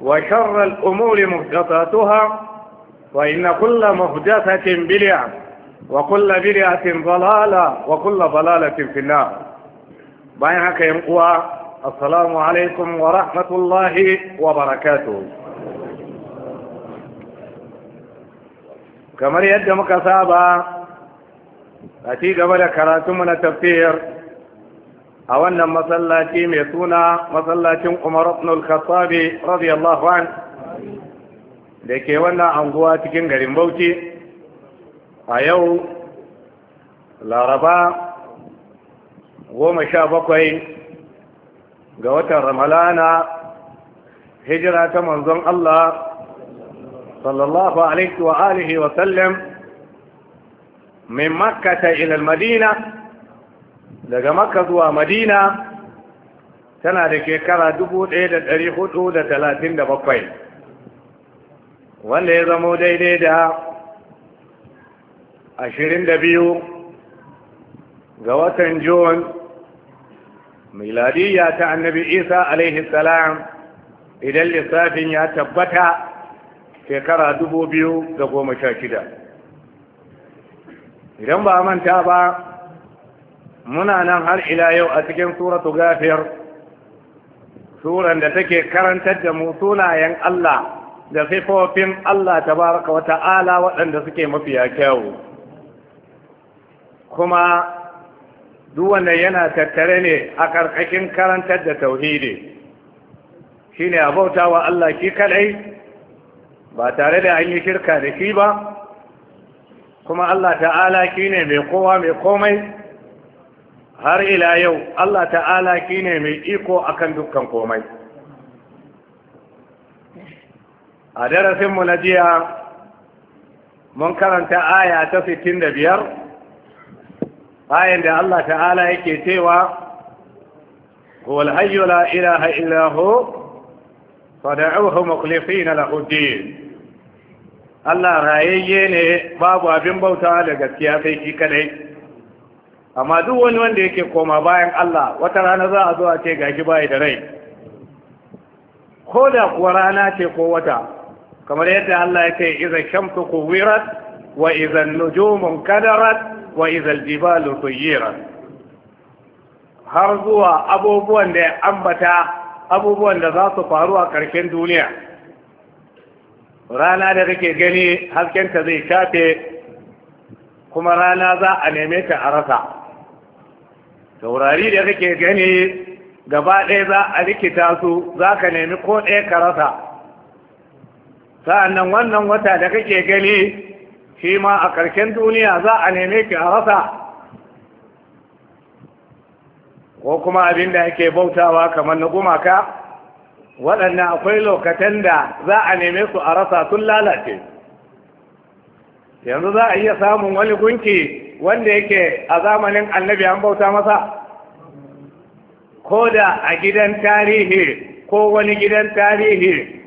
وشر الأمور محدثاتها وإن كل محدثة بلع وكل بلعة ضلالة وكل ضلالة في النار بينك ينقوى السلام عليكم ورحمة الله وبركاته كما يدى مكسابة أتي قبل كراتمنا من a wannan masallaci mai suna masallacin umar ibnul khattabi radiyallahu an da ke wannan anguwa cikin garin bauchi a yau laraba goma sha bakwai ga watan ramalana hijira ta manzon Allah sallallahu alaihi wa alihi wa sallam min makkata ilal madina daga makka zuwa madina tana da shekara bakwai, wanda ya zama daidai da ashirin ga watan Jun miladiyya ta annabi isa alaihi salam idan lissafin ya tabbata shekara dubu goma shida, idan ba manta ba muna nan har ila yau a cikin suratu gafiyar suran da take karantar da mu sunayen Allah da sifofin Allah tabaraka wa ta'ala waɗanda suke mafiya kyau kuma duk yana tattare ne a ƙarƙashin karantar da tauhidi shine a bautawa Allah shi kadai ba tare da an yi shirka da shi ba kuma Allah ta'ala shine mai kowa mai komai har ila yau Allah ta'ala kine mai iko akan dukkan komai a darasinmu na jiya mun karanta aya ta 65 ayan da Allah ta'ala yake cewa huwal hayyu la ilaha illa hu fad'uhu mukhlifin lahu din Allah rayayye ne babu abin bauta da gaskiya sai ki kadai amma duk wani wanda yake koma bayan Allah wata rana za a zo a ce gashi bai da rai ko da kuwa rana ce ko wata kamar yadda Allah ya ce iza shamsu kuwirat wa iza nujumun kadarat wa iza aljibalu tuyirat har zuwa abubuwan da ambata abubuwan da za su faru a karshen duniya rana da kake gani hasken ta zai shafe kuma rana za a neme ta a rasa taurari da kake gani gaba ɗaya za a rikita su za ka nemi ko ɗaya ka rasa sa'annan wannan wata da kake gani shi ma a ƙarshen duniya za a neme ki a rasa ko kuma abin da ake bautawa kamar na gumaka waɗannan akwai lokacin da za a neme su a rasa sun lalace yanzu za a iya samun wani gunki wanda yake a zamanin annabi an bauta masa ko da a gidan tarihi ko wani gidan tarihi